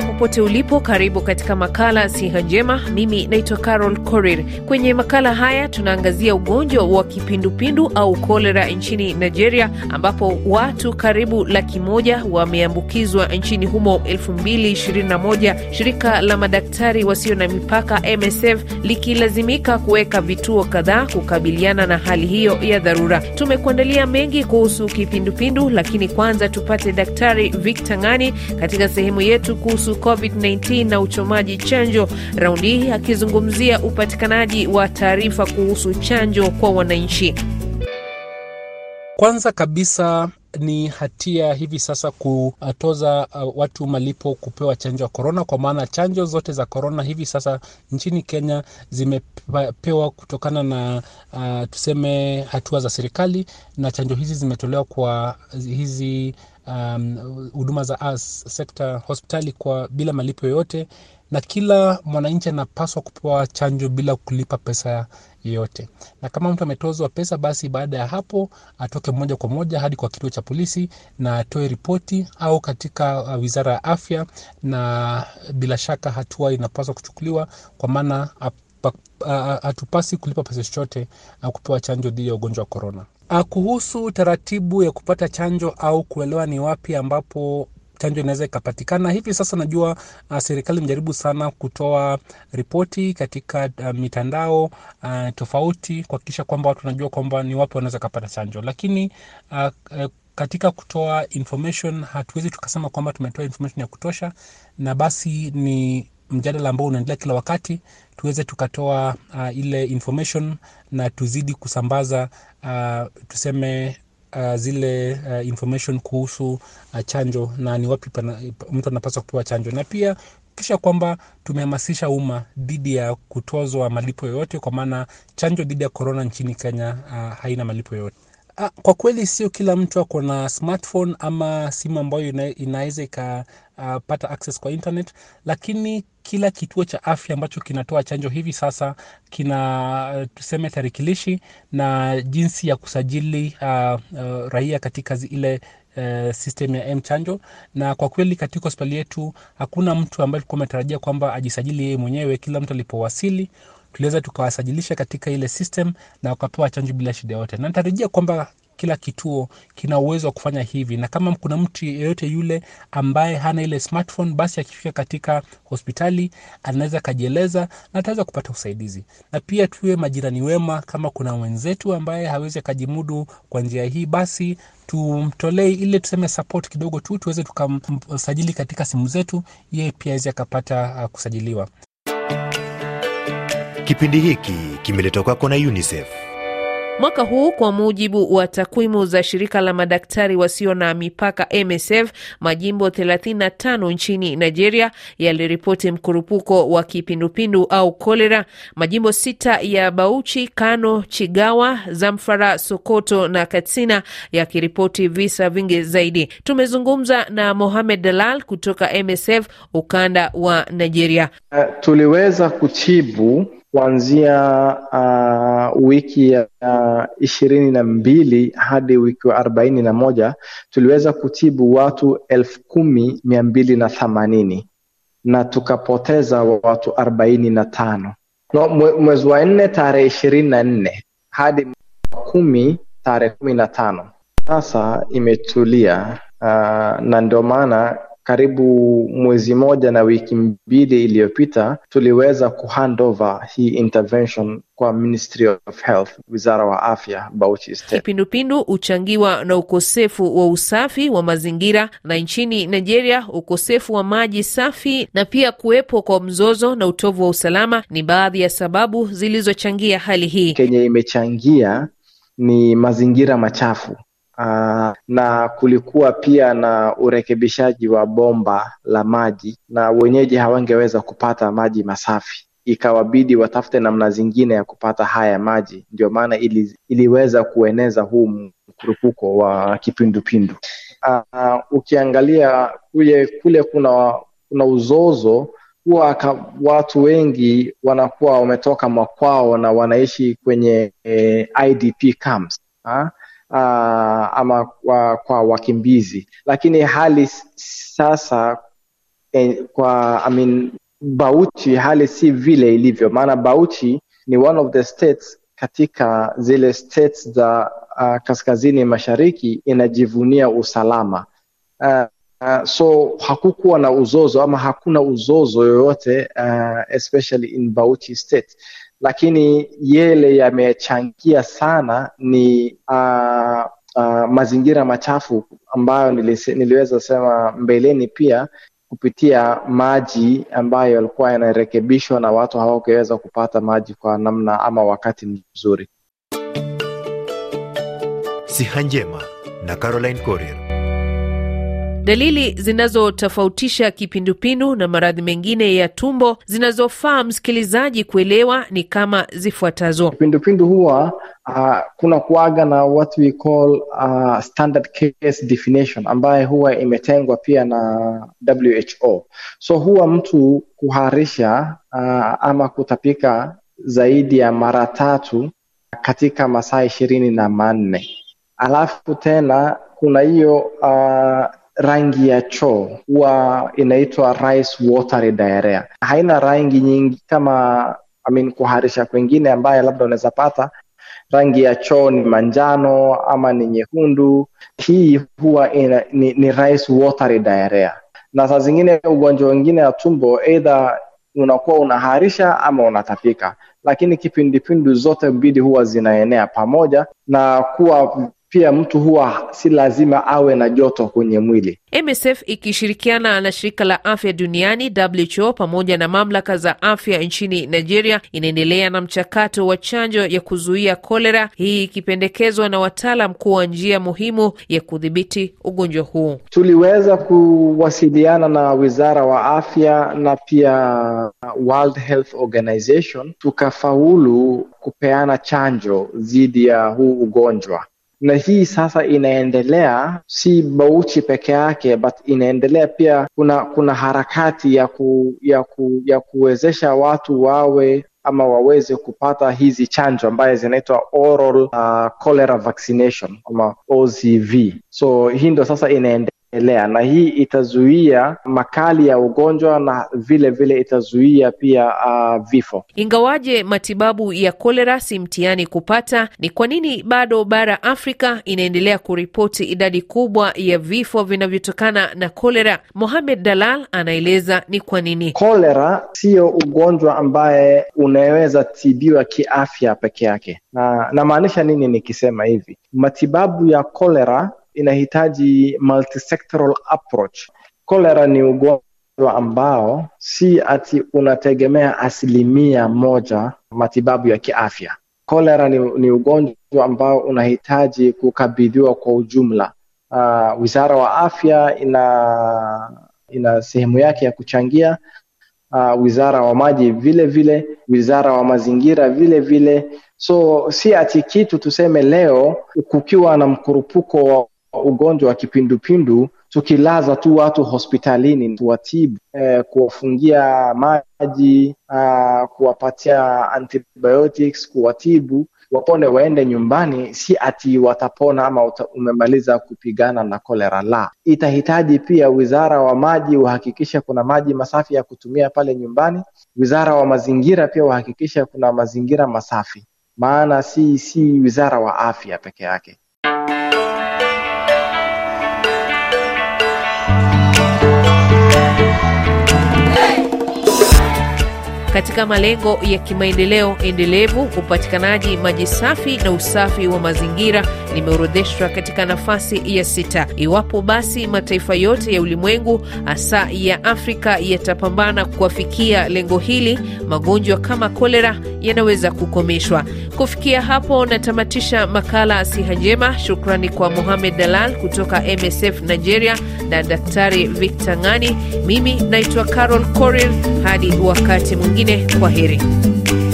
都不 popote ulipo, karibu katika makala siha njema. Mimi naitwa Carol corir Kwenye makala haya tunaangazia ugonjwa wa kipindupindu au kolera nchini Nigeria, ambapo watu karibu laki moja wameambukizwa nchini humo 221 shirika la madaktari wasio na mipaka MSF likilazimika kuweka vituo kadhaa kukabiliana na hali hiyo ya dharura. Tumekuandalia mengi kuhusu kipindupindu, lakini kwanza tupate Daktari Victor Ng'ani katika sehemu yetu kuhusu COVID-19 na uchomaji chanjo, raundi hii akizungumzia upatikanaji wa taarifa kuhusu chanjo kwa wananchi. Kwanza kabisa ni hatia hivi sasa kutoza uh, watu malipo kupewa chanjo ya korona, kwa maana chanjo zote za korona hivi sasa nchini Kenya zimepewa kutokana na uh, tuseme hatua za serikali, na chanjo hizi zimetolewa kwa hizi Um, huduma um, za as, sekta hospitali kwa bila malipo yoyote, na kila mwananchi anapaswa kupewa chanjo bila kulipa pesa yoyote, na kama mtu ametozwa pesa, basi baada ya hapo atoke moja kwa moja hadi kwa kituo cha polisi na atoe ripoti au katika uh, wizara ya afya, na bila shaka hatua inapaswa kuchukuliwa kwa maana uh, hatupasi kulipa pesa chochote au kupewa chanjo dhidi ya ugonjwa wa korona. Ah, kuhusu taratibu ya kupata chanjo au kuelewa ni wapi ambapo chanjo inaweza ikapatikana. Hivi sasa najua uh, serikali imejaribu sana kutoa ripoti katika uh, mitandao uh, tofauti kuhakikisha kwamba watu wanajua kwamba ni wapi wanaweza kapata chanjo, lakini uh, uh, katika kutoa information hatuwezi tukasema kwamba tumetoa information ya kutosha, na basi ni mjadala ambao unaendelea kila wakati tuweze tukatoa uh, ile information na tuzidi kusambaza uh, tuseme uh, zile uh, information kuhusu uh, chanjo na ni wapi pana, mtu anapaswa kupewa chanjo na pia kisha kwamba tumehamasisha umma dhidi ya kutozwa malipo yoyote kwa maana chanjo dhidi ya korona nchini kenya uh, haina malipo yoyote Ah, kwa kweli sio kila mtu ako na smartphone ama simu ambayo inaweza ikapata uh, access kwa internet, lakini kila kituo cha afya ambacho kinatoa chanjo hivi sasa kina eh, tuseme tarikilishi na jinsi ya kusajili uh, uh, raia katika ile Uh, system ya M chanjo, na kwa kweli katika hospitali yetu hakuna mtu ambaye tulikuwa ametarajia kwamba ajisajili yeye mwenyewe. Kila mtu alipowasili tuliweza tukawasajilisha katika ile system na wakapewa chanjo bila shida yote, na natarajia kwamba kila kituo kina uwezo wa kufanya hivi, na kama kuna mtu yeyote yule ambaye hana ile smartphone, basi akifika katika hospitali anaweza akajieleza na ataweza kupata usaidizi. Na pia tuwe majirani wema, kama kuna wenzetu ambaye hawezi akajimudu kwa njia hii, basi tumtolee ile tuseme support kidogo tu, tuweze tukamsajili katika simu zetu, yeye pia aweze akapata uh, kusajiliwa. Kipindi hiki kimeletwa kwako na UNICEF. Mwaka huu kwa mujibu wa takwimu za shirika la madaktari wasio na mipaka MSF, majimbo 35 nchini Nigeria yaliripoti mkurupuko wa kipindupindu au kolera. Majimbo sita ya Bauchi, Kano, Chigawa, Zamfara, Sokoto na Katsina yakiripoti visa vingi zaidi. Tumezungumza na Mohamed Dalal kutoka MSF ukanda wa Nigeria. Uh, tuliweza kutibu kuanzia uh, wiki ya uh, ishirini na mbili hadi wiki arobaini na moja tuliweza kutibu watu elfu kumi mia mbili na themanini na tukapoteza watu arobaini na tano no, mwezi wa nne tarehe ishirini na nne hadi kumi tarehe kumi na tano sasa imetulia uh, na ndio maana karibu mwezi moja na wiki mbili iliyopita tuliweza kuhandover hii intervention kwa Ministry of Health, wizara wa afya Bauchi State. Kipindupindu huchangiwa na ukosefu wa usafi wa mazingira, na nchini Nigeria ukosefu wa maji safi na pia kuwepo kwa mzozo na utovu wa usalama ni baadhi ya sababu zilizochangia hali hii. Kenya imechangia ni mazingira machafu. Uh, na kulikuwa pia na urekebishaji wa bomba la maji, na wenyeji hawangeweza kupata maji masafi, ikawabidi watafute namna zingine ya kupata haya maji. Ndio maana ili, iliweza kueneza huu mkurupuko wa kipindupindu. Uh, ukiangalia kule kule kuna, kuna uzozo huwa watu wengi wanakuwa wametoka makwao na wanaishi kwenye eh, IDP camps ha? Ah, uh, ama kwa, kwa wakimbizi, lakini hali sasa eh, kwa I mean, Bauchi hali si vile ilivyo, maana Bauchi ni one of the states katika zile states za uh, kaskazini mashariki inajivunia usalama uh, uh, so hakukuwa na uzozo ama hakuna uzozo yoyote uh, especially in Bauchi state lakini yele yamechangia sana ni uh, uh, mazingira machafu ambayo nilise, niliweza sema mbeleni pia kupitia maji ambayo yalikuwa yanarekebishwa na watu hawakuweza kupata maji kwa namna ama wakati mzuri. Siha Njema na Caroline Corrier. Dalili zinazotofautisha kipindupindu na maradhi mengine ya tumbo zinazofaa msikilizaji kuelewa ni kama zifuatazo. Kipindupindu huwa uh, kuna kuaga na what we call uh, standard case definition ambaye huwa imetengwa pia na WHO. So huwa mtu kuharisha uh, ama kutapika zaidi ya mara tatu katika masaa ishirini na manne alafu tena kuna hiyo uh, rangi ya choo huwa inaitwa rice watery diarrhea. Haina rangi nyingi kama I mean, kuharisha kwengine ambaye labda unaweza pata rangi ya choo ni manjano ama ni nyekundu. Hii huwa ina, ni, ni rice watery diarrhea. Na saa zingine ugonjwa wengine ya tumbo eidha unakuwa unaharisha ama unatapika, lakini kipindupindu zote mbili huwa zinaenea pamoja na kuwa pia mtu huwa si lazima awe na joto kwenye mwili. MSF ikishirikiana na shirika la afya duniani WHO pamoja na mamlaka za afya nchini Nigeria inaendelea na mchakato wa chanjo ya kuzuia kolera, hii ikipendekezwa na wataalam kuwa njia muhimu ya kudhibiti ugonjwa huu. Tuliweza kuwasiliana na wizara wa afya na pia World Health Organization, tukafaulu kupeana chanjo dhidi ya huu ugonjwa na hii sasa inaendelea, si Bauchi peke yake, but inaendelea pia. Kuna kuna harakati ya ku, ya ku, ya kuwezesha watu wawe ama waweze kupata hizi chanjo ambaye zinaitwa oral uh, cholera vaccination ama OCV. So hii ndo sasa inaendelea elea, na hii itazuia makali ya ugonjwa na vile vile itazuia pia uh, vifo. Ingawaje matibabu ya kolera si mtiani kupata, ni kwa nini bado bara Afrika inaendelea kuripoti idadi kubwa ya vifo vinavyotokana na kolera? Mohamed Dalal anaeleza ni kwa nini. Kolera siyo ugonjwa ambaye unaweza tibiwa kiafya peke yake, na namaanisha nini nikisema hivi? Matibabu ya kolera inahitaji multisectoral approach. Cholera ni ugonjwa ambao si ati unategemea asilimia moja matibabu ya kiafya. Cholera ni, ni ugonjwa ambao unahitaji kukabidhiwa kwa ujumla. Uh, Wizara wa Afya ina ina sehemu yake ya kuchangia uh, Wizara wa Maji vile vile, Wizara wa Mazingira vile vile. So si ati kitu tuseme leo kukiwa na mkurupuko wa ugonjwa wa kipindupindu tukilaza tu watu hospitalini tuwatibu, eh, kuwafungia maji, uh, kuwapatia antibiotics, kuwatibu wapone waende nyumbani, si ati watapona ama umemaliza kupigana na kolera. La, itahitaji pia wizara wa maji wahakikishe kuna maji masafi ya kutumia pale nyumbani. Wizara wa mazingira pia uhakikishe kuna mazingira masafi, maana si si wizara wa afya peke yake. katika malengo ya kimaendeleo endelevu, upatikanaji maji safi na usafi wa mazingira limeorodheshwa katika nafasi ya sita. Iwapo basi mataifa yote ya ulimwengu hasa ya Afrika yatapambana kuwafikia lengo hili, magonjwa kama kolera yanaweza kukomeshwa. Kufikia hapo, natamatisha makala Siha Njema. Shukrani kwa Mohamed Dalal kutoka MSF Nigeria na Daktari Victor Ngani. Mimi naitwa Carol Korir, hadi wakati mwingine nyingine. Kwa heri.